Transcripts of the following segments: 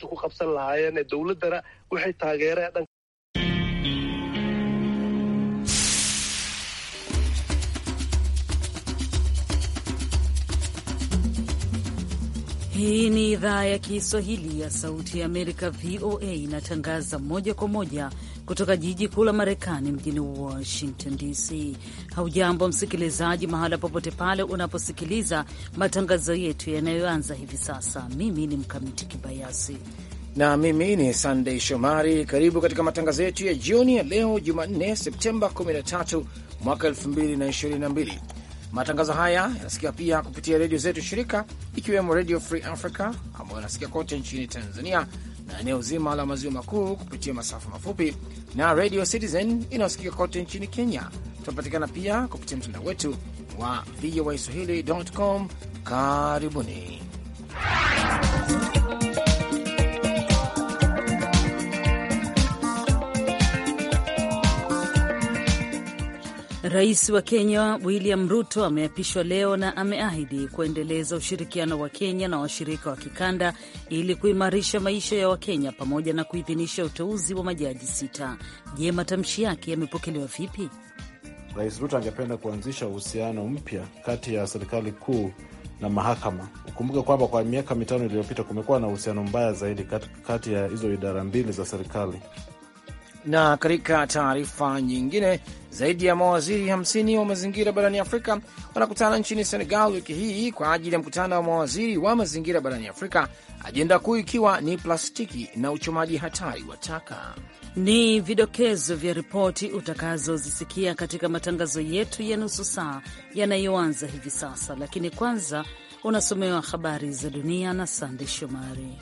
ku qabsan lahaayeen dowladana waxay taageereen Hii ni idhaa ya Kiswahili ya Sauti ya Amerika, VOA. Inatangaza moja kwa moja kutoka jiji kuu la Marekani, mjini Washington DC. Haujambo msikilizaji, mahala popote pale unaposikiliza matangazo yetu yanayoanza hivi sasa. Mimi ni Mkamiti Kibayasi na mimi ni Sandei Shomari. Karibu katika matangazo yetu ya jioni ya leo Jumanne, Septemba 13 mwaka 2022 Matangazo haya yanasikia pia kupitia redio zetu shirika, ikiwemo Radio Free Africa ambayo yanasikia kote nchini Tanzania na eneo zima la maziwa makuu kupitia masafa mafupi na Radio Citizen inayosikika kote nchini Kenya. Tunapatikana pia kupitia mtandao wetu wa swahilicom Karibuni. Rais wa Kenya William Ruto ameapishwa leo na ameahidi kuendeleza ushirikiano wa Kenya na washirika wa kikanda ili kuimarisha maisha ya Wakenya pamoja na kuidhinisha uteuzi wa majaji sita. Je, matamshi yake yamepokelewa vipi? Rais Ruto angependa kuanzisha uhusiano mpya kati ya serikali kuu na mahakama. Ukumbuke kwamba kwa miaka mitano iliyopita kumekuwa na uhusiano mbaya zaidi kati, ya hizo idara mbili za serikali. Na katika taarifa nyingine zaidi ya mawaziri 50 wa mazingira barani Afrika wanakutana nchini Senegal wiki hii kwa ajili ya mkutano wa mawaziri wa mazingira barani Afrika, ajenda kuu ikiwa ni plastiki na uchomaji hatari wa taka. Ni vidokezo vya ripoti utakazozisikia katika matangazo yetu ya nusu saa yanayoanza hivi sasa, lakini kwanza unasomewa habari za dunia na Sande Shomari.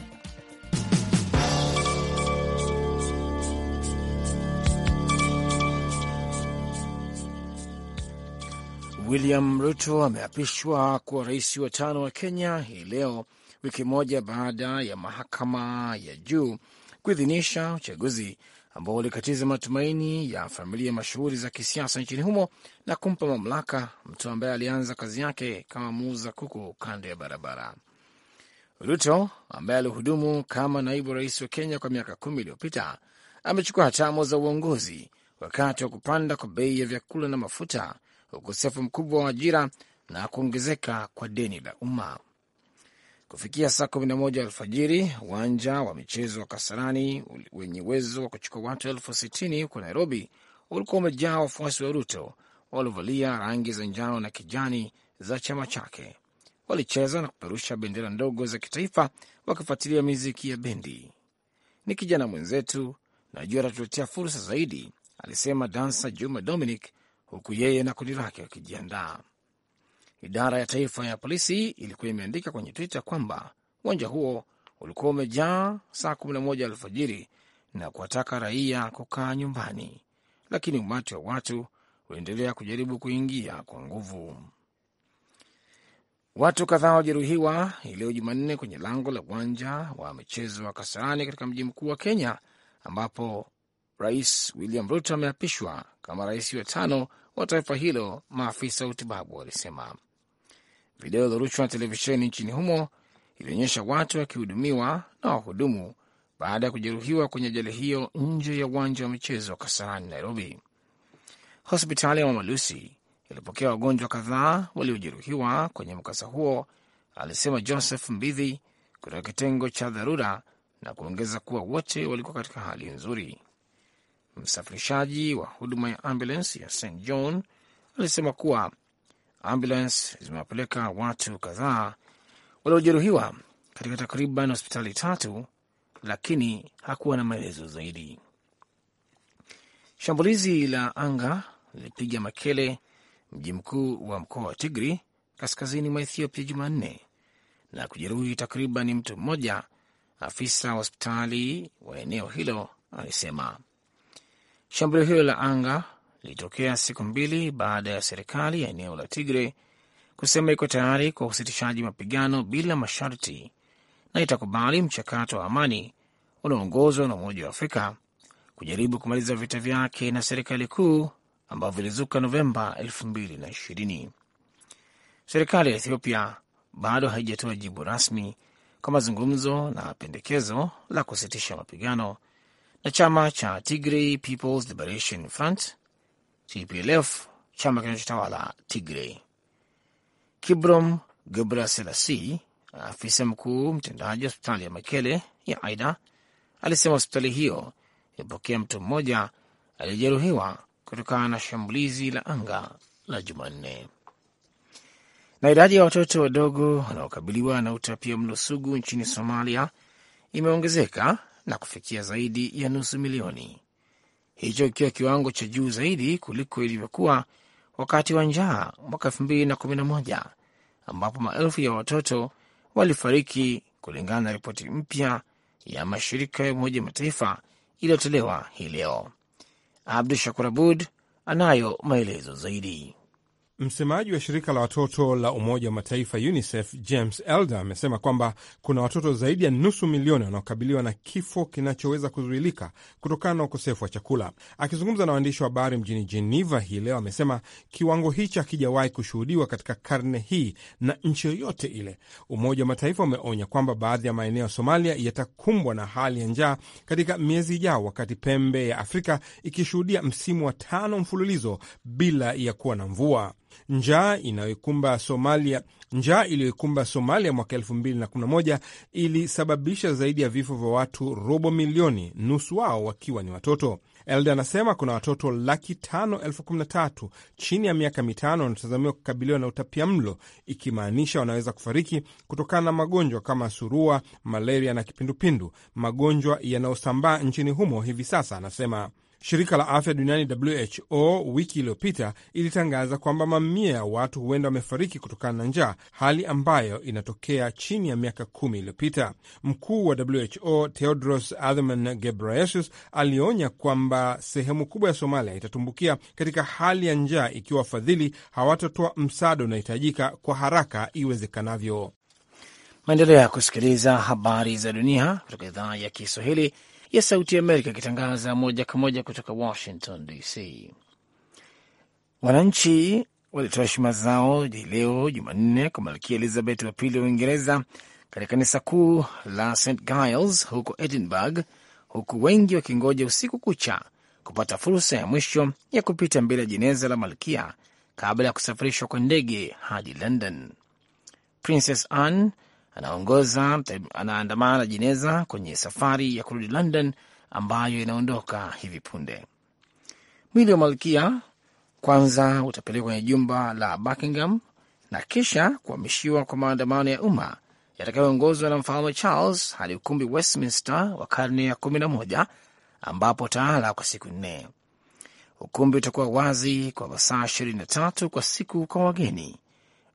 William Ruto ameapishwa kuwa rais wa tano wa Kenya hii leo, wiki moja baada ya mahakama ya juu kuidhinisha uchaguzi ambao ulikatiza matumaini ya familia mashuhuri za kisiasa nchini humo na kumpa mamlaka mtu ambaye alianza kazi yake kama muuza kuku kando ya barabara. Ruto ambaye alihudumu kama naibu rais wa Kenya kwa miaka kumi iliyopita amechukua hatamu za uongozi wakati wa kupanda kwa bei ya vyakula na mafuta ukosefu mkubwa wa ajira na kuongezeka kwa deni la umma. Kufikia saa moja alfajiri, uwanja wa michezo wa Kasarani wenye uwezo wa kuchukua watu elfu sitini huko Nairobi ulikuwa umejaa wafuasi wa Ruto waliovalia rangi za njano na kijani za chama chake. Walicheza na kupeperusha bendera ndogo za kitaifa wakifuatilia miziki ya bendi. Ni kijana mwenzetu, najua atatuletea fursa zaidi, alisema dansa Juma Dominic huku yeye na kundi lake wakijiandaa. Idara ya taifa ya polisi ilikuwa imeandika kwenye Twitter kwamba uwanja huo ulikuwa umejaa saa 11 alfajiri na kuwataka raia kukaa nyumbani, lakini umati wa watu uliendelea kujaribu kuingia kwa nguvu. Watu kadhaa wajeruhiwa hii leo Jumanne kwenye lango la uwanja wa michezo wa Kasarani katika mji mkuu wa Kenya, ambapo Rais William Ruto ameapishwa kama rais wa tano wa taifa hilo, maafisa wa utibabu walisema. Video iliorushwa na televisheni nchini humo ilionyesha watu wakihudumiwa na wahudumu baada ya kujeruhiwa kwenye ajali hiyo nje ya uwanja wa michezo wa Kasarani, Nairobi. Hospitali ya Mama Lucy ilipokea wagonjwa kadhaa waliojeruhiwa kwenye mkasa huo, alisema Joseph Mbithi kutoka kitengo cha dharura, na kuongeza kuwa wote walikuwa katika hali nzuri. Msafirishaji wa huduma ya ambulance ya St John alisema kuwa ambulance zimewapeleka watu kadhaa waliojeruhiwa katika takriban hospitali tatu, lakini hakuwa na maelezo zaidi. Shambulizi la anga lilipiga Makele, mji mkuu wa mkoa wa Tigri kaskazini mwa Ethiopia Jumanne na kujeruhi takriban mtu mmoja, afisa wa hospitali wa eneo hilo alisema. Shambulio hilo la anga lilitokea siku mbili baada ya serikali ya eneo la Tigre kusema iko tayari kwa usitishaji mapigano bila masharti na itakubali mchakato wa amani unaoongozwa na Umoja wa Afrika kujaribu kumaliza vita vyake na serikali kuu ambavyo vilizuka Novemba 2020. Serikali ya Ethiopia bado haijatoa jibu rasmi kwa mazungumzo na pendekezo la kusitisha mapigano na chama cha Tigray People's Liberation Front TPLF, chama kinachotawala Tigray. Kibrom Gebra Selasi, afisa mkuu mtendaji wa hospitali ya Mekele ya Aida, alisema hospitali hiyo imepokea mtu mmoja aliyejeruhiwa kutokana na shambulizi la anga la Jumanne. Na idadi ya watoto wadogo wanaokabiliwa na utapia mlo sugu nchini Somalia imeongezeka na kufikia zaidi ya nusu milioni, hicho ikiwa kiwango cha juu zaidi kuliko ilivyokuwa wakati wa njaa mwaka 2011 ambapo maelfu ya watoto walifariki kulingana na ripoti mpya ya mashirika ya Umoja Mataifa iliyotolewa hii leo. Abdu Shakur Abud anayo maelezo zaidi. Msemaji wa shirika la watoto la Umoja wa Mataifa UNICEF James Elder amesema kwamba kuna watoto zaidi ya nusu milioni wanaokabiliwa na kifo kinachoweza kuzuilika kutokana na ukosefu wa chakula. Akizungumza na waandishi wa habari mjini Geneva hii leo, amesema kiwango hichi hakijawahi kushuhudiwa katika karne hii na nchi yoyote ile. Umoja wa Mataifa umeonya kwamba baadhi ya maeneo ya Somalia yatakumbwa na hali ya njaa katika miezi ijao, wakati pembe ya Afrika ikishuhudia msimu wa tano mfululizo bila ya kuwa na mvua. Njaa inayoikumba Somalia njaa iliyoikumba Somalia mwaka 2011 ilisababisha zaidi ya vifo vya watu robo milioni, nusu wao wakiwa ni watoto. elda anasema kuna watoto laki tano elfu kumi na tatu chini ya miaka mitano wanatazamiwa kukabiliwa na utapia mlo, ikimaanisha wanaweza kufariki kutokana na magonjwa kama surua, malaria na kipindupindu, magonjwa yanayosambaa nchini humo hivi sasa, anasema. Shirika la afya duniani WHO wiki iliyopita ilitangaza kwamba mamia ya watu huenda wamefariki kutokana na njaa, hali ambayo inatokea chini ya miaka kumi iliyopita. Mkuu wa WHO Tedros Adhanom Ghebreyesus alionya kwamba sehemu kubwa ya Somalia itatumbukia katika hali ya njaa ikiwa wafadhili hawatatoa msaada unahitajika kwa haraka iwezekanavyo. Maendeleo ya kusikiliza habari za dunia kutoka idhaa ya Kiswahili ya Sauti Amerika ikitangaza moja kwa moja kutoka Washington DC. Wananchi walitoa heshima zao hii leo Jumanne kwa Malkia Elizabeth wa Pili wa Uingereza katika kanisa kuu la St Giles huko Edinburgh, huku wengi wakingoja usiku kucha kupata fursa ya mwisho ya kupita mbele ya jeneza la malkia kabla ya kusafirishwa kwa ndege hadi London. Princess Anne anaongoza anaandamana na jeneza kwenye safari ya kurudi London ambayo inaondoka hivi punde. Mwili wa malkia kwanza utapelekwa kwenye jumba la Buckingham na kisha kuhamishiwa kwa maandamano ya umma yatakayoongozwa na mfalme Charles hadi ukumbi Westminster wa karne ya kumi na moja ambapo taala kwa siku nne. Ukumbi utakuwa wazi kwa masaa ishirini na tatu kwa siku kwa wageni,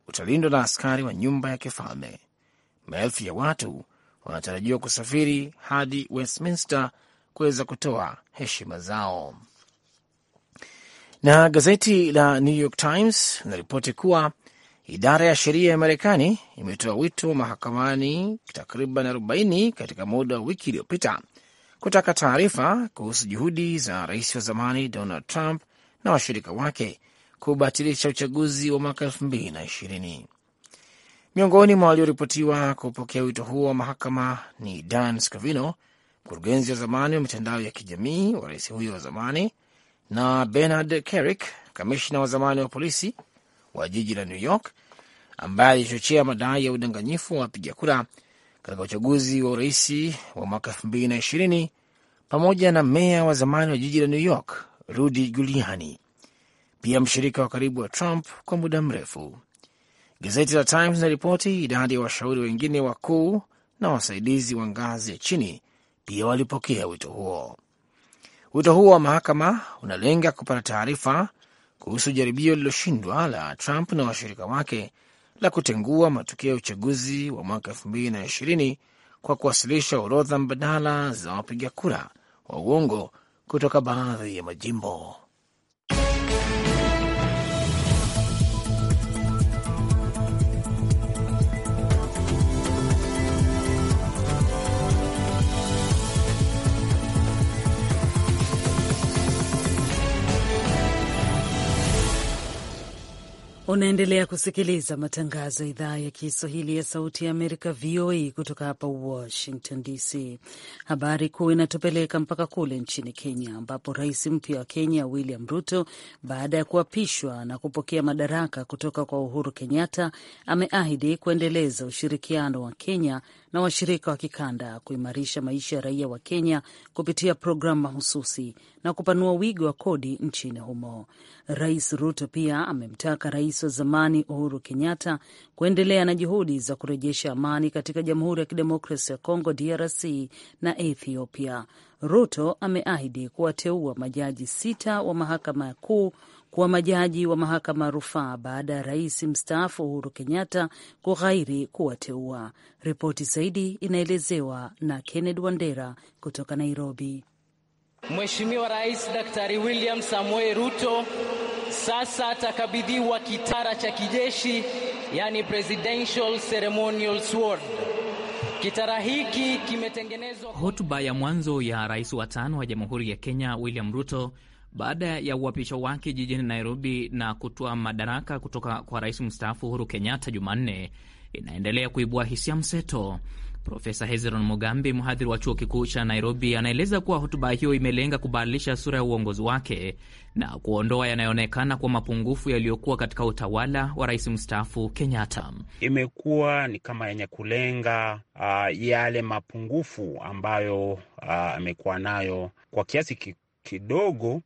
utalindwa na askari wa nyumba ya kifalme maelfu ya watu wanatarajiwa kusafiri hadi Westminster kuweza kutoa heshima zao. Na gazeti la New York Times linaripoti kuwa idara ya sheria ya Marekani imetoa wito mahakamani takriban 40 katika muda wa wiki iliyopita kutaka taarifa kuhusu juhudi za rais wa zamani Donald Trump na washirika wake kubatilisha uchaguzi wa mwaka ishirini Miongoni mwa walioripotiwa kupokea wito huo wa mahakama ni Dan Scavino, mkurugenzi wa zamani wa mitandao ya kijamii wa rais huyo wa zamani, na Bernard Kerik, kamishna wa zamani wa polisi wa jiji la New York, ambaye alichochea madai ya udanganyifu wa wapiga kura katika uchaguzi wa urais wa mwaka elfu mbili na ishirini pamoja na meya wa zamani wa jiji la New York Rudy Giuliani, pia mshirika wa karibu wa Trump kwa muda mrefu. Gazeti la Times linaripoti idadi ya washauri wengine wakuu na wasaidizi wa ngazi ya chini pia walipokea wito huo. Wito huo wa mahakama unalenga kupata taarifa kuhusu jaribio lililoshindwa la Trump na washirika wake la kutengua matokeo ya uchaguzi wa mwaka elfu mbili na ishirini kwa kuwasilisha orodha mbadala za wapiga kura wa uongo kutoka baadhi ya majimbo. Unaendelea kusikiliza matangazo ya idhaa ya Kiswahili ya Sauti ya Amerika, VOA, kutoka hapa Washington DC. Habari kuu inatupeleka mpaka kule nchini Kenya, ambapo rais mpya wa Kenya William Ruto, baada ya kuapishwa na kupokea madaraka kutoka kwa Uhuru Kenyatta, ameahidi kuendeleza ushirikiano wa Kenya na washirika wa kikanda kuimarisha maisha ya raia wa Kenya kupitia programu mahususi na kupanua wigo wa kodi nchini humo. Rais Ruto pia amemtaka rais wa zamani Uhuru Kenyatta kuendelea na juhudi za kurejesha amani katika Jamhuri ya Kidemokrasia ya Kongo, DRC na Ethiopia. Ruto ameahidi kuwateua majaji sita wa mahakama ya kuu kuwa majaji wa mahakama ya rufaa baada ya rais mstaafu Uhuru Kenyatta kughairi kuwateua. Ripoti zaidi inaelezewa na Kenneth Wandera kutoka Nairobi. Mheshimiwa Rais Daktari William Samuel Ruto sasa atakabidhiwa kitara cha kijeshi, yani presidential ceremonial sword. Kitara hiki kimetengenezwa. Hotuba ya mwanzo ya rais wa tano wa Jamhuri ya Kenya William Ruto baada ya uapisho wake jijini Nairobi na kutoa madaraka kutoka kwa rais mstaafu Uhuru Kenyatta Jumanne, inaendelea kuibua hisia mseto. Profesa Hezron mugambi mhadhiri wa chuo kikuu cha Nairobi, anaeleza kuwa hotuba hiyo imelenga kubadilisha sura ya uongozi wake na kuondoa yanayoonekana kwa mapungufu yaliyokuwa katika utawala wa rais mstaafu Kenyatta. Imekuwa ni kama yenye kulenga uh, yale mapungufu ambayo uh, amekuwa uh, nayo kwa kiasi kidogo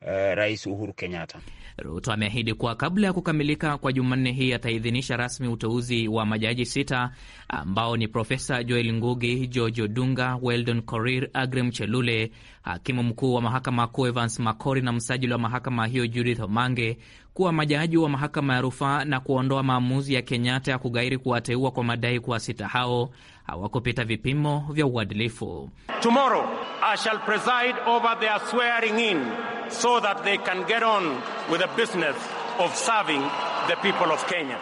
Eh, Rais Uhuru Kenyatta. Ruto ameahidi kuwa kabla ya kukamilika kwa Jumanne hii ataidhinisha rasmi uteuzi wa majaji sita ambao ni Profesa Joel Ngugi, George Odunga, Weldon Korir, Agrem Chelule, hakimu mkuu wa mahakama kuu Evans Makori na msajili wa mahakama hiyo Judith Omange kuwa majaji wa mahakama ya rufaa na kuondoa maamuzi ya Kenyatta ya kugairi kuwateua kwa madai kuwa sita hao hawakupita vipimo vya uadilifu. Tomorrow I shall preside over their swearing in so that they can get on with the business of serving the people of Kenya.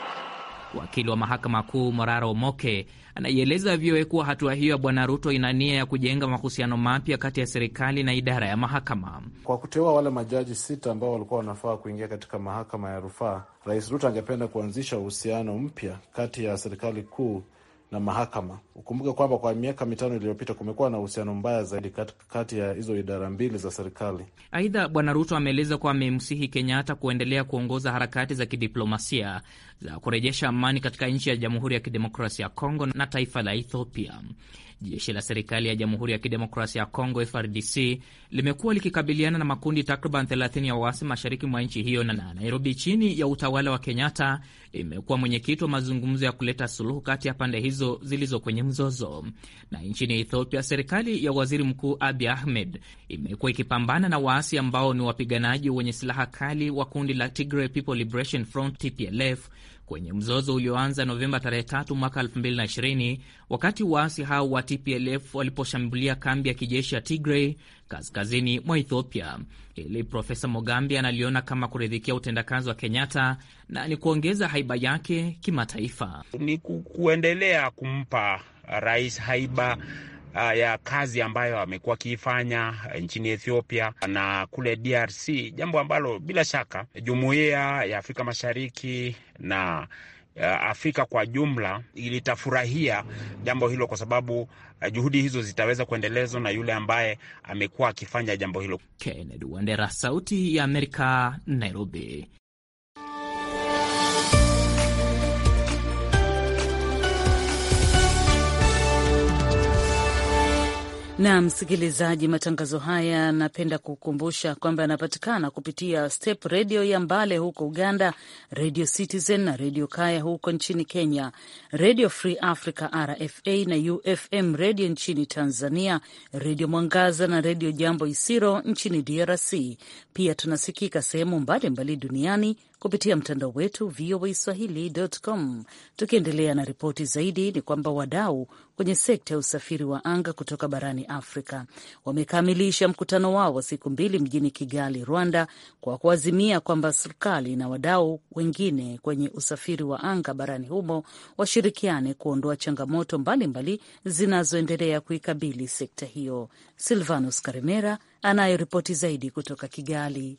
Wakili wa mahakama kuu Morara Moke anaieleza VOA kuwa hatua hiyo ya Bwana Ruto ina nia ya kujenga mahusiano mapya kati ya serikali na idara ya mahakama. Kwa kuteua wale majaji sita ambao walikuwa wanafaa kuingia katika mahakama ya rufaa, Rais Ruto angependa kuanzisha uhusiano mpya kati ya serikali kuu na mahakama. Ukumbuke kwamba kwa miaka mitano iliyopita kumekuwa na uhusiano mbaya zaidi kati, ya hizo idara mbili za serikali. Aidha, Bwana Ruto ameeleza kuwa amemsihi Kenyatta kuendelea kuongoza harakati za kidiplomasia za kurejesha amani katika nchi ya Jamhuri ya Kidemokrasia ya Kongo na taifa la Ethiopia. Jeshi la serikali ya Jamhuri ya Kidemokrasia ya Kongo, FRDC, limekuwa likikabiliana na makundi takriban 30 ya waasi mashariki mwa nchi hiyo, na Nairobi chini ya utawala wa Kenyatta imekuwa mwenyekiti wa mazungumzo ya kuleta suluhu kati ya pande hizo zilizo kwenye mzozo. Na nchini Ethiopia, serikali ya waziri mkuu abi Ahmed imekuwa ikipambana na waasi ambao ni wapiganaji wenye silaha kali wa kundi la Tigray People Liberation Front, TPLF kwenye mzozo ulioanza Novemba tarehe 3 mwaka 2020 wakati waasi hao wa TPLF waliposhambulia kambi ya kijeshi ya Tigray kaskazini mwa Ethiopia. Hili Profesa Mogambi analiona kama kuridhikia utendakazi wa Kenyatta na ni kuongeza haiba yake kimataifa, ni kuendelea kumpa rais haiba uh, ya kazi ambayo amekuwa akiifanya uh, nchini Ethiopia na kule DRC, jambo ambalo bila shaka jumuiya ya Afrika Mashariki na uh, Afrika kwa jumla ilitafurahia jambo hilo kwa sababu uh, juhudi hizo zitaweza kuendelezwa na yule ambaye amekuwa akifanya jambo hilo. Kennedy Wandera, Sauti ya Amerika, Nairobi. na msikilizaji, matangazo haya napenda kukumbusha kwamba yanapatikana kupitia Step Redio ya Mbale huko Uganda, redio Citizen na Redio Kaya huko nchini Kenya, Redio Free Africa RFA na UFM Redio nchini Tanzania, Redio Mwangaza na Redio Jambo Isiro nchini DRC. Pia tunasikika sehemu mbalimbali duniani kupitia mtandao wetu VOA Swahili.com. Tukiendelea na ripoti zaidi, ni kwamba wadau kwenye sekta ya usafiri wa anga kutoka barani Afrika wamekamilisha mkutano wao wa siku mbili mjini Kigali, Rwanda, kwa kuazimia kwamba serikali na wadau wengine kwenye usafiri wa anga barani humo washirikiane kuondoa changamoto mbalimbali zinazoendelea kuikabili sekta hiyo. Silvanus Karimera anayo ripoti zaidi kutoka Kigali.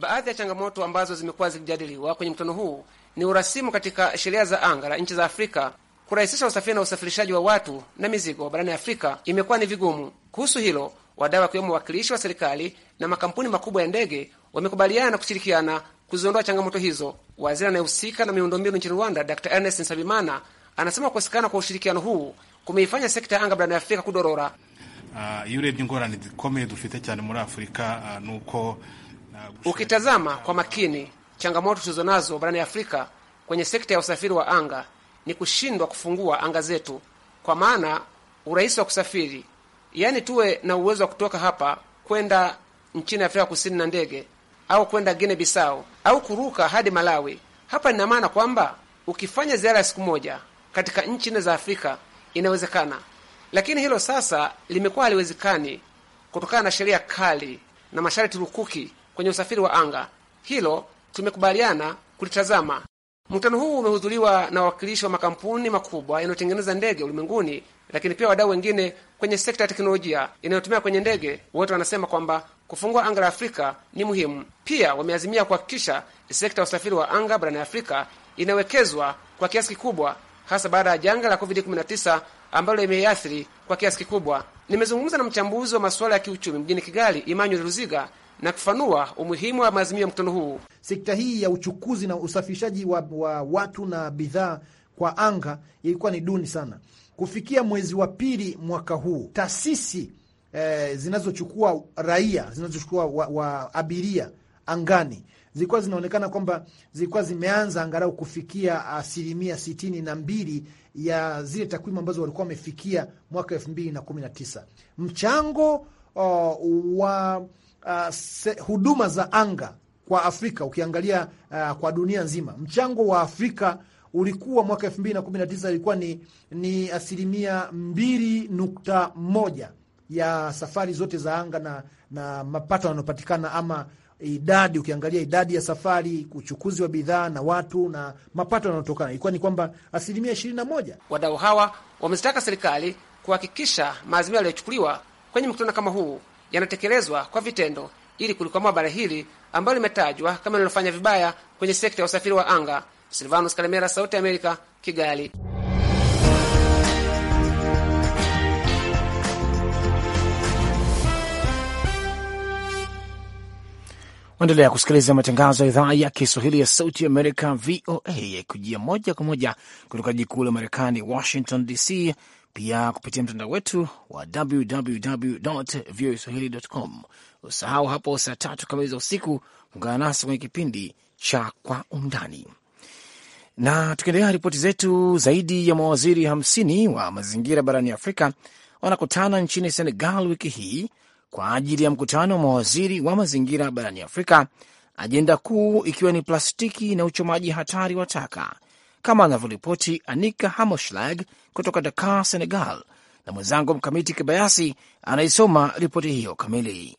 Baadhi ya changamoto ambazo zimekuwa zikijadiliwa kwenye mkutano huu ni urasimu katika sheria za anga la nchi za Afrika. Kurahisisha usafiri na usafirishaji wa watu na mizigo barani Afrika imekuwa ni vigumu. Kuhusu hilo, wadau wakiwemo wawakilishi wa serikali na makampuni makubwa ya ndege wamekubaliana na kushirikiana kuziondoa changamoto hizo. Waziri anayehusika na miundombinu nchini Rwanda, Dr Ernest Nsabimana, anasema kukosekana kwa ushirikiano huu kumeifanya sekta ya anga barani Afrika kudorora. Uh, yule urebye zikomeye dufite cyane muri Afrika uh, nuko Ukitazama kwa makini changamoto tulizonazo barani Afrika kwenye sekta ya usafiri wa anga ni kushindwa kufungua anga zetu, kwa maana urahisi wa kusafiri, yaani tuwe na uwezo wa kutoka hapa kwenda nchini Afrika Kusini na ndege au kwenda Guinea Bissau au kuruka hadi Malawi. Hapa nina maana kwamba ukifanya ziara ya siku moja katika nchi nne za Afrika inawezekana, lakini hilo sasa limekuwa haliwezekani kutokana na sheria kali na masharti rukuki kwenye usafiri wa anga. Hilo tumekubaliana kulitazama. Mkutano huu umehudhuriwa na wawakilishi wa makampuni makubwa yanayotengeneza ndege ulimwenguni, lakini pia wadau wengine kwenye sekta ya teknolojia inayotumia kwenye ndege. Wote wanasema kwamba kufungua anga la Afrika ni muhimu. Pia wameazimia kuhakikisha sekta ya usafiri wa anga barani Afrika inawekezwa kwa kiasi kikubwa, hasa baada ya janga la COVID-19 ambalo imeiathiri kwa kiasi kikubwa. Nimezungumza na mchambuzi wa masuala ya kiuchumi mjini Kigali, Emmanuel Ruziga na kufanua umuhimu wa maazimio ya mkutano huu. Sekta hii ya uchukuzi na usafirishaji wa, wa watu na bidhaa kwa anga ilikuwa ni duni sana. Kufikia mwezi wa pili mwaka huu taasisi eh, zinazochukua raia zinazochukua wa, wa abiria angani zilikuwa zinaonekana kwamba zilikuwa zimeanza angalau kufikia asilimia sitini na mbili ya zile takwimu ambazo walikuwa wamefikia mwaka elfu mbili na kumi na tisa. Mchango uh, wa uh, se, huduma za anga kwa Afrika ukiangalia uh, kwa dunia nzima, mchango wa Afrika ulikuwa mwaka elfu mbili na kumi na tisa ilikuwa ni, ni asilimia mbili nukta moja ya safari zote za anga na, na mapato yanayopatikana ama idadi ukiangalia idadi ya safari, uchukuzi wa bidhaa na watu na mapato yanayotokana, ilikuwa ni kwamba asilimia ishirini na moja. Wadau hawa wamezitaka serikali kuhakikisha maazimio yaliyochukuliwa kwenye mkutano kama huu yanatekelezwa kwa vitendo ili kulikwamua bara hili ambalo limetajwa kama linalofanya vibaya kwenye sekta ya usafiri wa anga. Silvanus Kalemera, Sauti ya Amerika, Kigali. Endelea kusikiliza matangazo ya idhaa ya Kiswahili ya Sauti Amerika, VOA, yakujia moja kwa moja kutoka jikuu la Marekani, Washington DC pia kupitia mtandao wetu wa www voa swahili com. Usahau hapo saa tatu kamili za usiku kuungana nasi kwenye kipindi cha Kwa Undani. Na tukiendelea ripoti zetu, zaidi ya mawaziri hamsini wa mazingira barani Afrika wanakutana nchini Senegal wiki hii kwa ajili ya mkutano wa mawaziri wa mazingira barani Afrika, ajenda kuu ikiwa ni plastiki na uchomaji hatari wa taka kama anavyoripoti Anika Hamoshlag kutoka Dakar, Senegal, na mwenzangu Mkamiti Kibayasi anaisoma ripoti hiyo kamili.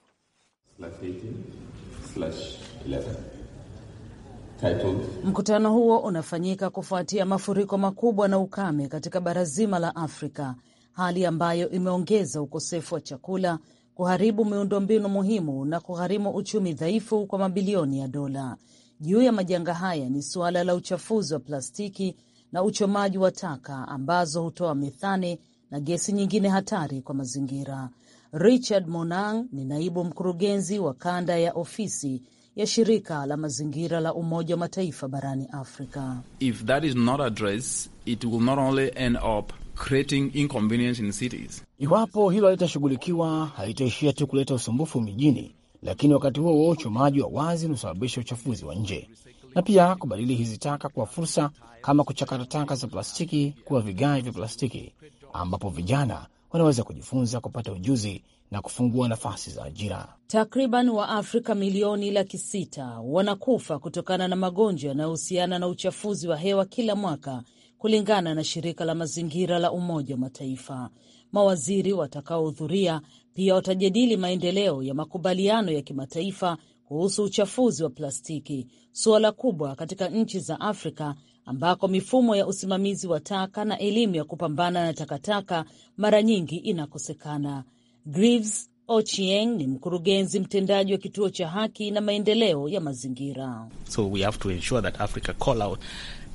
Mkutano huo unafanyika kufuatia mafuriko makubwa na ukame katika bara zima la Afrika, hali ambayo imeongeza ukosefu wa chakula, kuharibu miundombinu muhimu na kugharimu uchumi dhaifu kwa mabilioni ya dola juu ya majanga haya ni suala la uchafuzi wa plastiki na uchomaji wa taka ambazo hutoa methane na gesi nyingine hatari kwa mazingira. Richard Monang ni naibu mkurugenzi wa kanda ya ofisi ya shirika la mazingira la Umoja wa Mataifa barani Afrika. If that is not addressed, it will not only end up creating inconvenience in cities. Iwapo hilo halitashughulikiwa, halitaishia tu kuleta usumbufu mijini, lakini wakati huo huo uchomaji wa wazi unaosababisha uchafuzi wa nje, na pia kubadili hizi taka kuwa fursa, kama kuchakata taka za plastiki kuwa vigae vya plastiki, ambapo vijana wanaweza kujifunza kupata ujuzi na kufungua nafasi za ajira. Takriban Waafrika milioni laki sita wanakufa kutokana na magonjwa yanayohusiana na uchafuzi wa hewa kila mwaka, kulingana na shirika la mazingira la Umoja wa Mataifa. Mawaziri watakaohudhuria pia watajadili maendeleo ya makubaliano ya kimataifa kuhusu uchafuzi wa plastiki, suala kubwa katika nchi za Afrika ambako mifumo ya usimamizi wa taka na elimu ya kupambana na takataka mara nyingi inakosekana. Greaves Ochieng ni mkurugenzi mtendaji wa kituo cha haki na maendeleo ya mazingira. So we have to ensure that Africa call out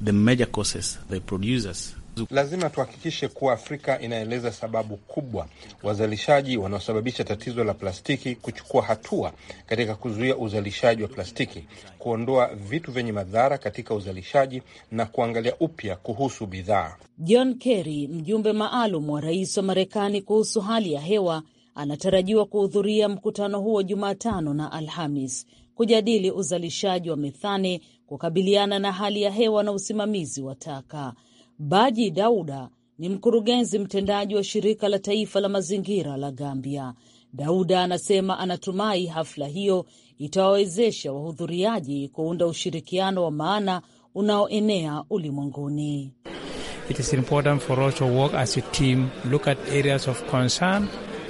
the major causes, the producers Lazima tuhakikishe kuwa Afrika inaeleza sababu kubwa wazalishaji wanaosababisha tatizo la plastiki, kuchukua hatua katika kuzuia uzalishaji wa plastiki, kuondoa vitu vyenye madhara katika uzalishaji na kuangalia upya kuhusu bidhaa. John Kerry, mjumbe maalum wa rais wa Marekani kuhusu hali ya hewa, anatarajiwa kuhudhuria mkutano huo Jumatano na Alhamis kujadili uzalishaji wa methane, kukabiliana na hali ya hewa na usimamizi wa taka. Baji Dauda ni mkurugenzi mtendaji wa shirika la taifa la mazingira la Gambia. Dauda anasema anatumai hafla hiyo itawawezesha wahudhuriaji kuunda ushirikiano wa maana unaoenea ulimwenguni.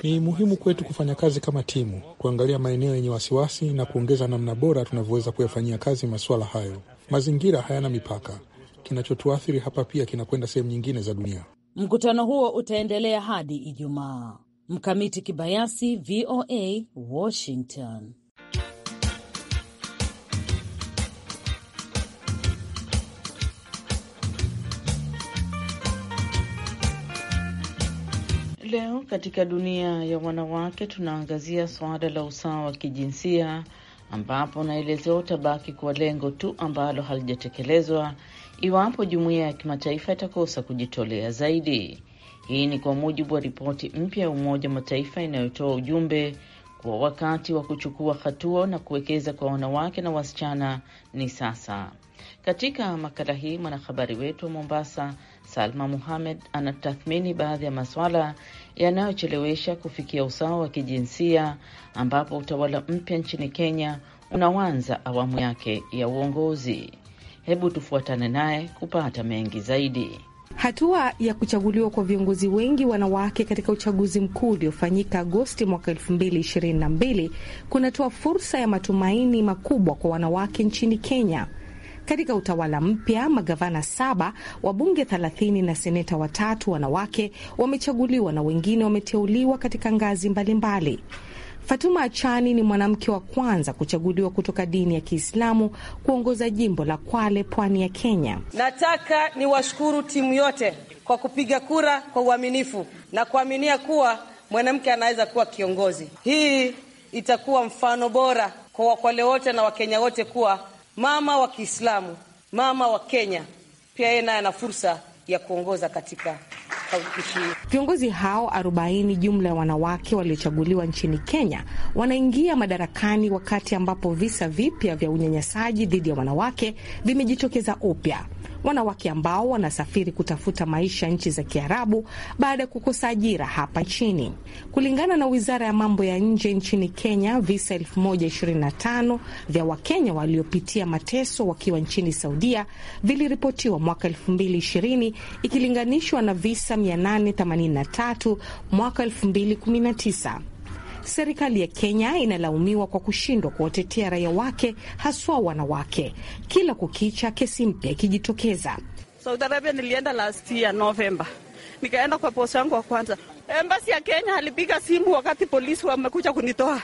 Ni muhimu kwetu kufanya kazi kama timu, kuangalia maeneo yenye wasiwasi na kuongeza namna bora tunavyoweza kuyafanyia kazi masuala hayo. Mazingira hayana mipaka kinachotuathiri hapa pia kinakwenda sehemu nyingine za dunia. Mkutano huo utaendelea hadi Ijumaa. Mkamiti Kibayasi, VOA, Washington. Leo katika dunia ya wanawake tunaangazia suala la usawa wa kijinsia ambapo naelezewa utabaki kwa lengo tu ambalo halijatekelezwa iwapo jumuiya ya kimataifa itakosa kujitolea zaidi. Hii ni kwa mujibu wa ripoti mpya ya Umoja wa Mataifa inayotoa ujumbe kuwa wakati wa kuchukua hatua na kuwekeza kwa wanawake na wasichana ni sasa. Katika makala hii mwanahabari wetu wa Mombasa, Salma Muhamed, anatathmini baadhi ya maswala yanayochelewesha kufikia usawa wa kijinsia ambapo utawala mpya nchini Kenya unawanza awamu yake ya uongozi. Hebu tufuatane naye kupata mengi zaidi. Hatua ya kuchaguliwa kwa viongozi wengi wanawake katika uchaguzi mkuu uliofanyika Agosti mwaka 2022 kunatoa fursa ya matumaini makubwa kwa wanawake nchini Kenya. Katika utawala mpya, magavana saba, wabunge 30 na seneta watatu wanawake wamechaguliwa na wengine wameteuliwa katika ngazi mbalimbali mbali. Fatuma achani ni mwanamke wa kwanza kuchaguliwa kutoka dini ya Kiislamu kuongoza jimbo la Kwale, pwani ya Kenya. Nataka niwashukuru timu yote kwa kupiga kura kwa uaminifu na kuaminia kuwa mwanamke anaweza kuwa kiongozi. Hii itakuwa mfano bora kwa Wakwale wote na Wakenya wote kuwa mama wa Kiislamu, mama wa Kenya, pia yeye naye ana fursa ya kuongoza katika Viongozi hao 40 jumla ya wanawake waliochaguliwa nchini Kenya wanaingia madarakani wakati ambapo visa vipya vya unyanyasaji dhidi ya wanawake vimejitokeza upya wanawake ambao wanasafiri kutafuta maisha nchi za Kiarabu baada ya kukosa ajira hapa nchini. Kulingana na wizara ya mambo ya nje nchini Kenya, visa 1025 vya Wakenya waliopitia mateso wakiwa nchini Saudia viliripotiwa mwaka 2020 ikilinganishwa na visa 883 mwaka 2019. Serikali ya Kenya inalaumiwa kwa kushindwa kuwatetea raia wake, haswa wanawake, kila kukicha kesi mpya ikijitokeza. Saudi Arabia nilienda last year Novemba, nikaenda kwa bosi yangu wa kwanza. Embasi ya Kenya alipiga simu wakati polisi wamekuja kunitoa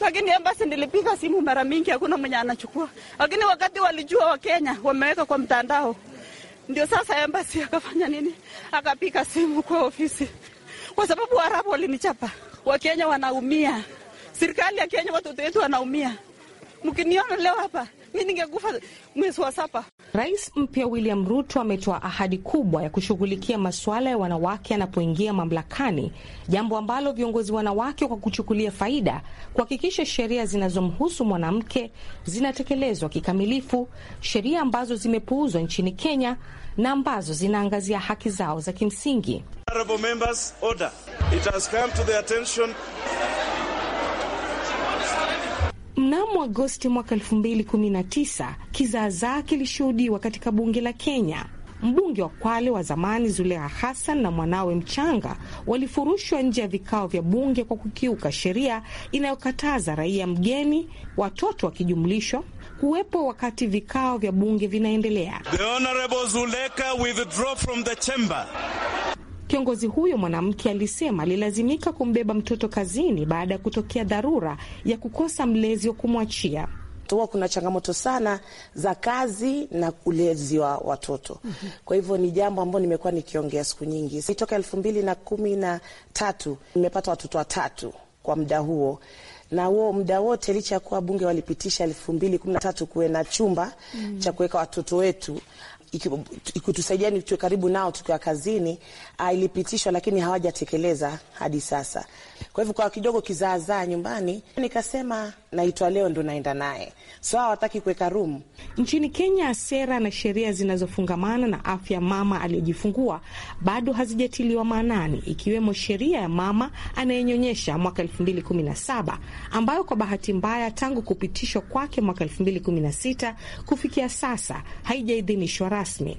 lakini embasi nilipiga simu mara mingi, hakuna mwenye anachukua. Lakini wakati walijua wa Kenya wameweka kwa mtandao, ndio sasa embasi akafanya nini? Akapiga simu kwa ofisi, kwa sababu Waarabu walinichapa Wakenya wanaumia, serikali ya Kenya, watoto wetu wanaumia mkiniona leo hapa mi ningekufa mwezi wa saba. Rais mpya William Ruto ametoa ahadi kubwa ya kushughulikia masuala ya wanawake anapoingia mamlakani, jambo ambalo viongozi wanawake kwa kuchukulia faida kuhakikisha sheria zinazomhusu mwanamke zinatekelezwa kikamilifu, sheria ambazo zimepuuzwa nchini Kenya na ambazo zinaangazia haki zao za kimsingi. Honorable members, order. It has come to the attention Mnamo Agosti mwaka 2019 kizaazaa kilishuhudiwa katika bunge la Kenya. Mbunge wa Kwale wa zamani zuleha Hassan na mwanawe mchanga walifurushwa nje ya vikao vya bunge kwa kukiuka sheria inayokataza raia mgeni, watoto wakijumlishwa, kuwepo wakati vikao vya bunge vinaendelea. The Kiongozi huyo mwanamke alisema alilazimika kumbeba mtoto kazini baada ya kutokea dharura ya kukosa mlezi wa kumwachia. Huwa kuna changamoto sana za kazi na ulezi wa watoto. mm -hmm. Kwa hivyo ni jambo ambalo nimekuwa nikiongea siku nyingi, toka elfu mbili na kumi na tatu nimepata watoto watatu kwa muda huo na huo muda wote, licha ya kuwa bunge walipitisha elfu mbili kumi na tatu kuwe na chumba mm, -hmm. cha kuweka watoto wetu, ni tuwe karibu nao tukiwa kazini, ah, ilipitishwa lakini hawajatekeleza hadi sasa. Kwa hivyo kwa kidogo kizaazaa nyumbani, nikasema naitwa leo ndo naenda naye. So hawataki kuweka room. Nchini Kenya, sera na sheria zinazofungamana na afya mama aliyojifungua bado hazijatiliwa maanani, ikiwemo sheria ya mama anayenyonyesha mwaka 2017 ambayo kwa bahati mbaya tangu kupitishwa kwake mwaka 2016 kufikia sasa haijaidhinishwa rasmi.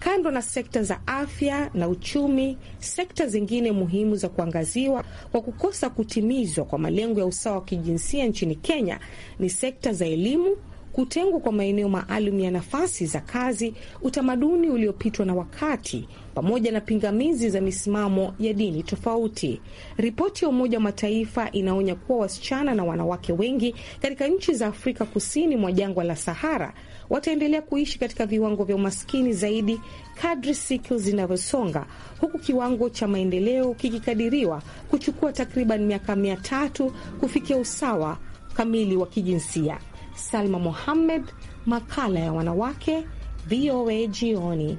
Kando na sekta za afya na uchumi, sekta zingine muhimu za kuangaziwa kwa kukosa kutimizwa kwa malengo ya usawa wa kijinsia nchini Kenya ni sekta za elimu, kutengwa kwa maeneo maalum ya nafasi za kazi, utamaduni uliopitwa na wakati, pamoja na pingamizi za misimamo ya dini tofauti. Ripoti ya Umoja wa Mataifa inaonya kuwa wasichana na wanawake wengi katika nchi za Afrika kusini mwa jangwa la Sahara wataendelea kuishi katika viwango vya umaskini zaidi kadri siku zinavyosonga, huku kiwango cha maendeleo kikikadiriwa kuchukua takriban miaka mia tatu kufikia usawa kamili wa kijinsia. Salma Mohammed, makala ya wanawake, VOA Jioni.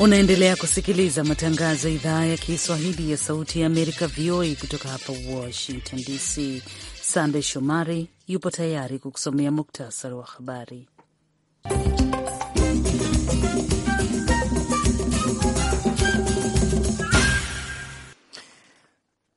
Unaendelea kusikiliza matangazo ya idhaa ya Kiswahili ya Sauti ya Amerika, VOA, kutoka hapa Washington DC. Sande Shomari yupo tayari kukusomea muktasari wa habari.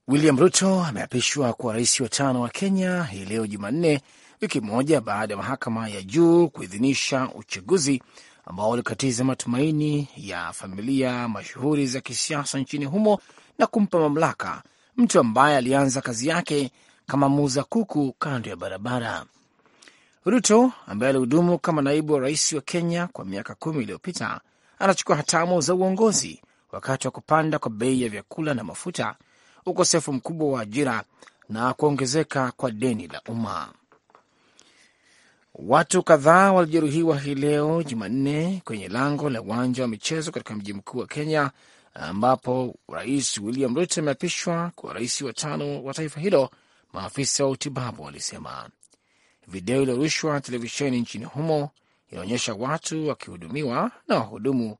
William Ruto ameapishwa kuwa rais wa tano wa Kenya hii leo Jumanne, wiki moja baada ya mahakama ya juu kuidhinisha uchaguzi ambao walikatiza matumaini ya familia mashuhuri za kisiasa nchini humo na kumpa mamlaka mtu ambaye alianza kazi yake kama muuza kuku kando ya barabara. Ruto ambaye alihudumu kama naibu wa rais wa Kenya kwa miaka kumi iliyopita anachukua hatamu za uongozi wakati wa kupanda kwa bei ya vyakula na mafuta, ukosefu mkubwa wa ajira na kuongezeka kwa deni la umma. Watu kadhaa walijeruhiwa hii leo Jumanne kwenye lango la uwanja wa michezo katika mji mkuu wa Kenya, ambapo Rais William Ruto ameapishwa kuwa rais wa tano wa taifa hilo, maafisa wa utibabu walisema. Video iliyorushwa televisheni nchini humo inaonyesha watu wakihudumiwa na wahudumu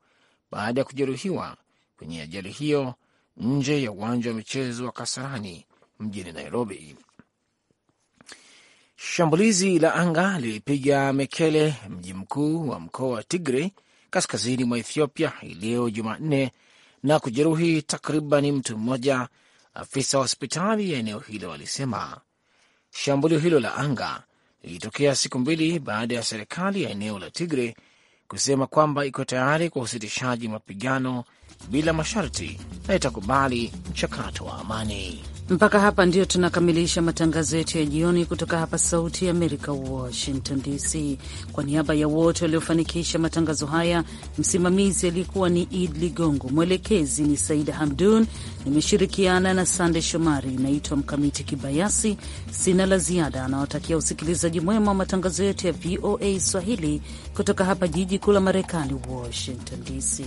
baada ya kujeruhiwa kwenye ajali hiyo nje ya uwanja wa michezo wa Kasarani mjini Nairobi. Shambulizi la anga lilipiga Mekele, mji mkuu wa mkoa wa Tigray kaskazini mwa Ethiopia, hii leo Jumanne na kujeruhi takriban mtu mmoja, afisa wa hospitali ya eneo hilo walisema. Shambulio hilo la anga lilitokea siku mbili baada ya serikali ya eneo la Tigre kusema kwamba iko tayari kwa usitishaji mapigano bila masharti na itakubali mchakato wa amani. Mpaka hapa ndio tunakamilisha matangazo yetu ya jioni kutoka hapa Sauti ya Amerika, Washington DC. Kwa niaba ya wote waliofanikisha matangazo haya, msimamizi alikuwa ni Id Ligongo, mwelekezi ni Saida Hamdun, nimeshirikiana na Sande Shomari. inaitwa Mkamiti Kibayasi, sina la ziada. Anawatakia usikilizaji mwema wa matangazo yetu ya VOA Swahili kutoka hapa jiji kuu la Marekani, Washington DC.